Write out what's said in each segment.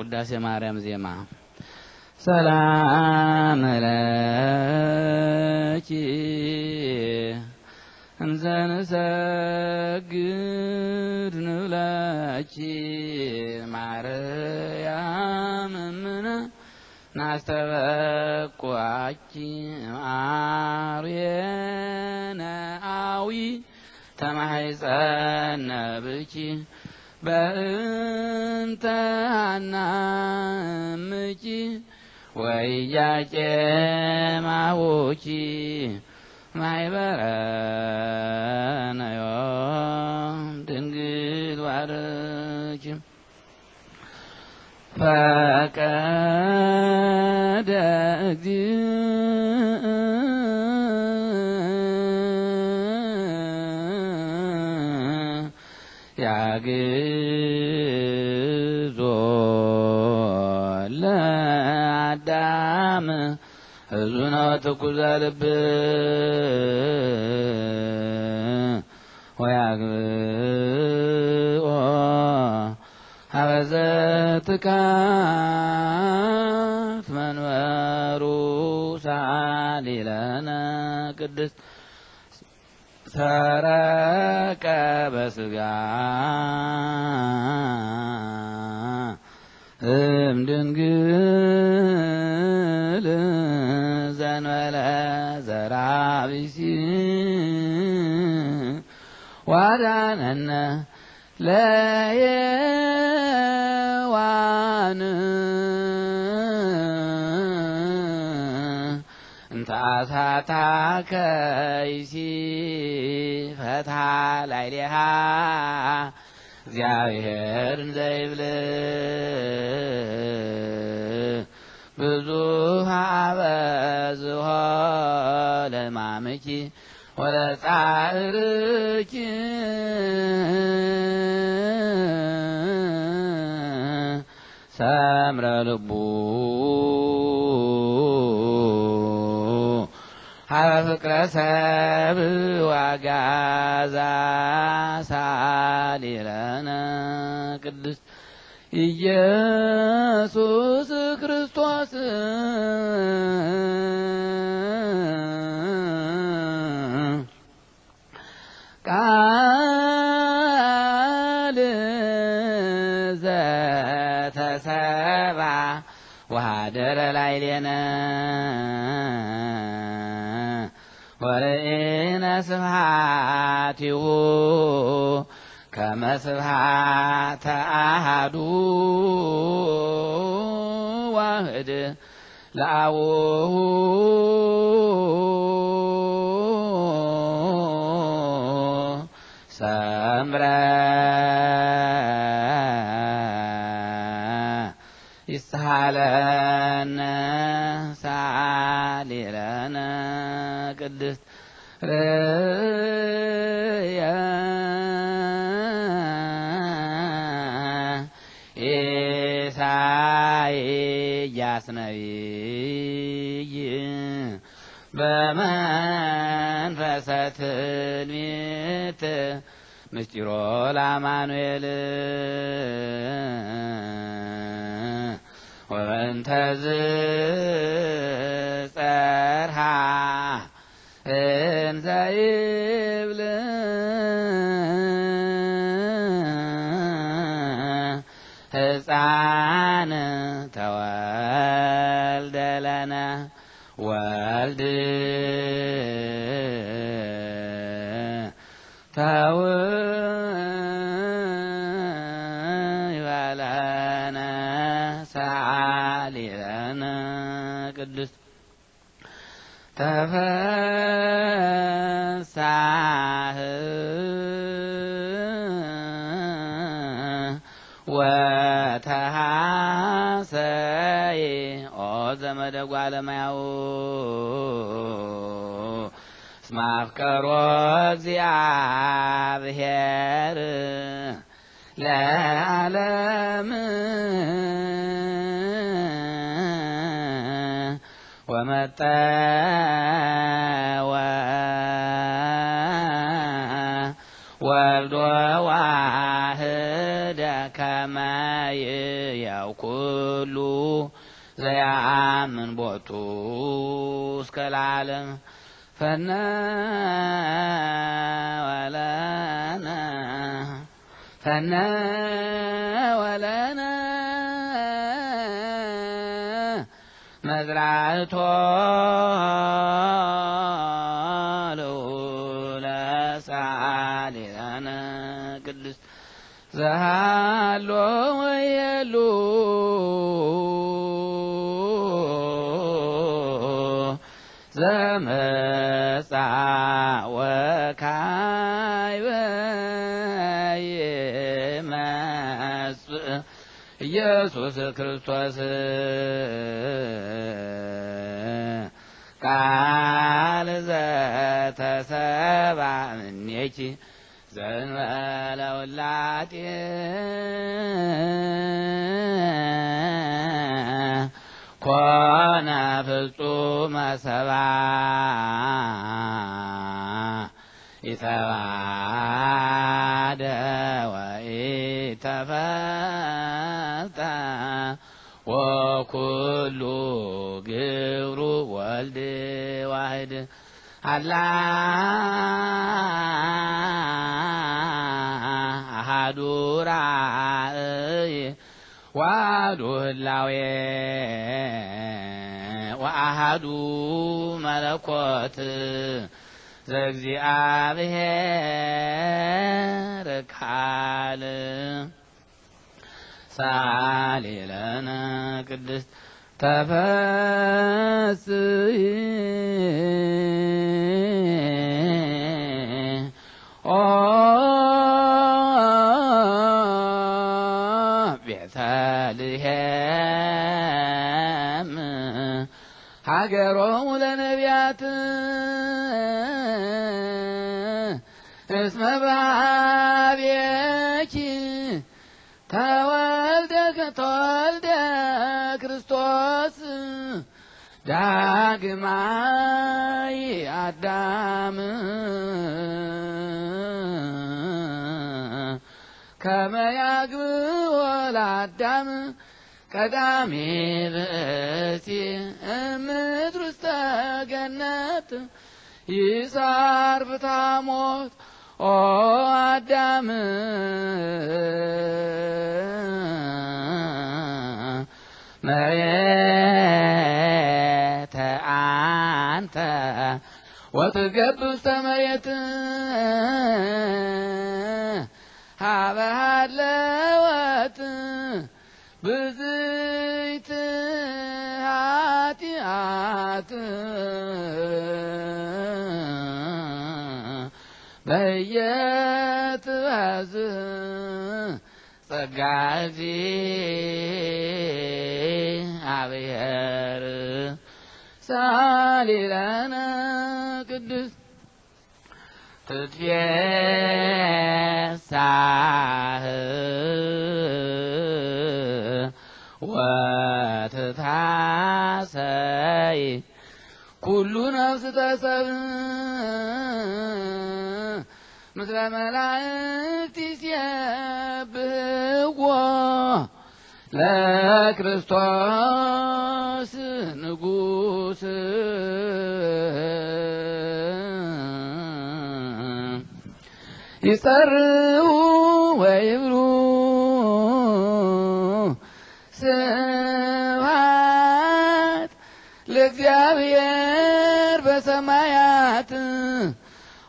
ውዳሴ ማርያም ዜማ ሰላም ለኪ እንዘንሰግድ ንብለኪ ማርያም እምነ ናስተበቁአኪ አርየናዊ ተማሕፀነ ብኪ በእንተ ሀናምኪ ማውቺ ማይበረ ነዮም ድንግል ዋርች ፈቀደ እግዚእ ሕዝቡን አወተኩዛ ልብ ወያግብኦ ሀበዘ ትካፍ መንበሩ ሰዓሊ ለነ ቅድስት ሰረቀ በስጋ እምድንግል ዋነነ ለየዋን እንታሳታከ ይሲ ፈታ ላይሌሃ እግዚአብሔር ዘይብል ብዙ ሀበዝሆ ለማምኪ ወለጻርኪ ሰምረ ልቡ ሀበ ፍቅረ ሰብ ዋጋዛ ሳሊለነ ቅዱስ ኢየሱስ ክርስቶስ وحدر ليلنا ورئينا سبحاته كما سبحات أحد واحد لأوه سمرا ሳለነ ሳሌለነ ቅድስት ርእየ ኢሳይያስ ነቢይ በመንፈሰ ትንቢት ምስጢሮ ላማኑኤል እንተ ዝጸርሃ እንዘ ይብል ሕፃን ተወልደ ለነ ወልድ ቅዱስ ተፈሳህ ወተሃሰይ ኦ ዘመደጓ ለማያው ስማፍቀሮ እግዚአብሔር ለዓለም ومتى و ومتاوى والدواهد كما يأكل من بطوس كالعالم فنا ولانا فنا ولانا አዝራቶ ለሳሊያነ ቅዱስ ዘሃሎ ወየሉ ዘመጻ ወካ ኢየሱስ ክርስቶስ ቃል ዘተሰባ እምኔኪ ዘእንበለ ውላጢ ኮነ ፍጹመ ሰባ ኢተባደ ወኢተፈ ወኩሉ ግብሩ ወልድ ዋህድ አላ አሃዱ ራእይ ዋህዱ ህላዌ ወአሃዱ መለኮት ዘእግዚአብሔር ካል ሰዓሊ ለነ ቅድስት ተፈስሒ ኦ ቤተልሔም ሀገሮሙ ለነቢያት እስመ ክርስቶስ ዳግማይ አዳም ከመያግብ ወላዳም ቀዳሜ ብእሲ እምድር ውስተ ገነት ይሳር ብታሞት ኦ አዳም መሬተ አንተ ወትገብ ውስተ መሬት ሀበሃለወት ብዝይት ኃጢአት በየትበዝህ ጸጋ እግዚአብሔር ሳሊለነ ቅዱስ ትትፌሳህ ወትታሰይ ኩሉ ነፍስ ተሰብ ምስለ መላእክት ይሴብሕዎ ለክርስቶስ ንጉሥ ይጸርው ወይብሉ ስብሐት ለእግዚአብሔር በሰማያት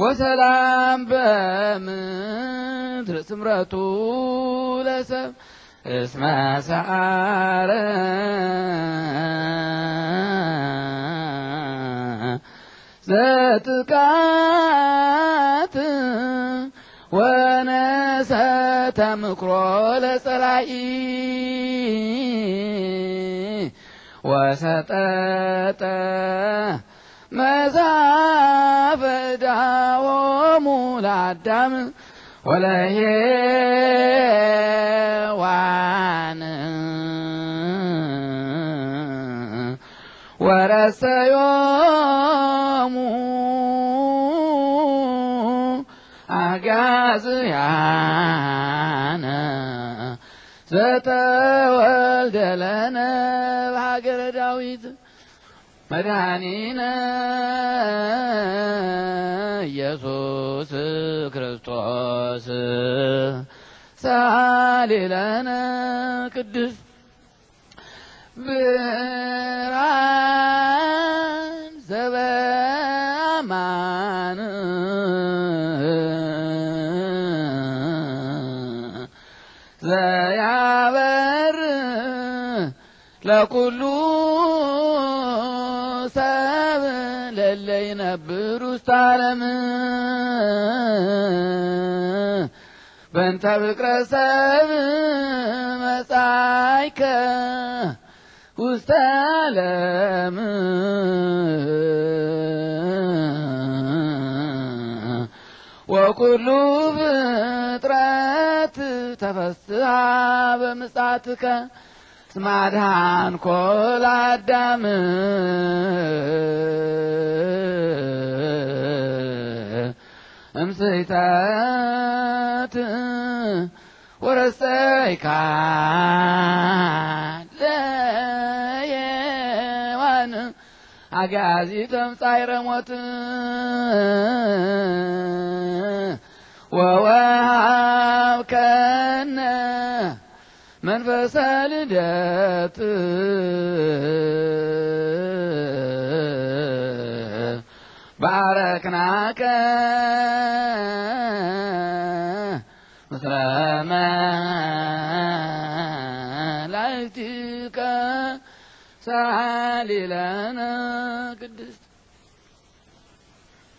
ወሰላም በምድር ስምረቱ ለሰብ እስመ ሰዓረ ዘጥቃት ወነሰተ ምክሮ ለጸራኢ ወሰጠጠ መዛፈ ዕዳወሙ ለአዳም ወለሔዋን ወረሰ ዮሙ አጋዝያነ ዘተወልደ ለነ በሀገረ ዳዊት መድኃኒነ ኢየሱስ ክርስቶስ ሳሊለነ ቅዱስ ብርሃን ዘበአማን ዘያበር ለኩሉ ሐሳብ ለለይ በእንተ ፍቅረ ሰብ ውስተ ዓለም ወኩሉ ፍጥረት ተፈስሐ ስማድሃን ኮላ አዳም እምስይታት ወረሰይካ ለየዋን አጋዚ ተምጻይረ ሞት ወወሃብከነ منفس لدات باركناك مسلما لعبتك سعى لنا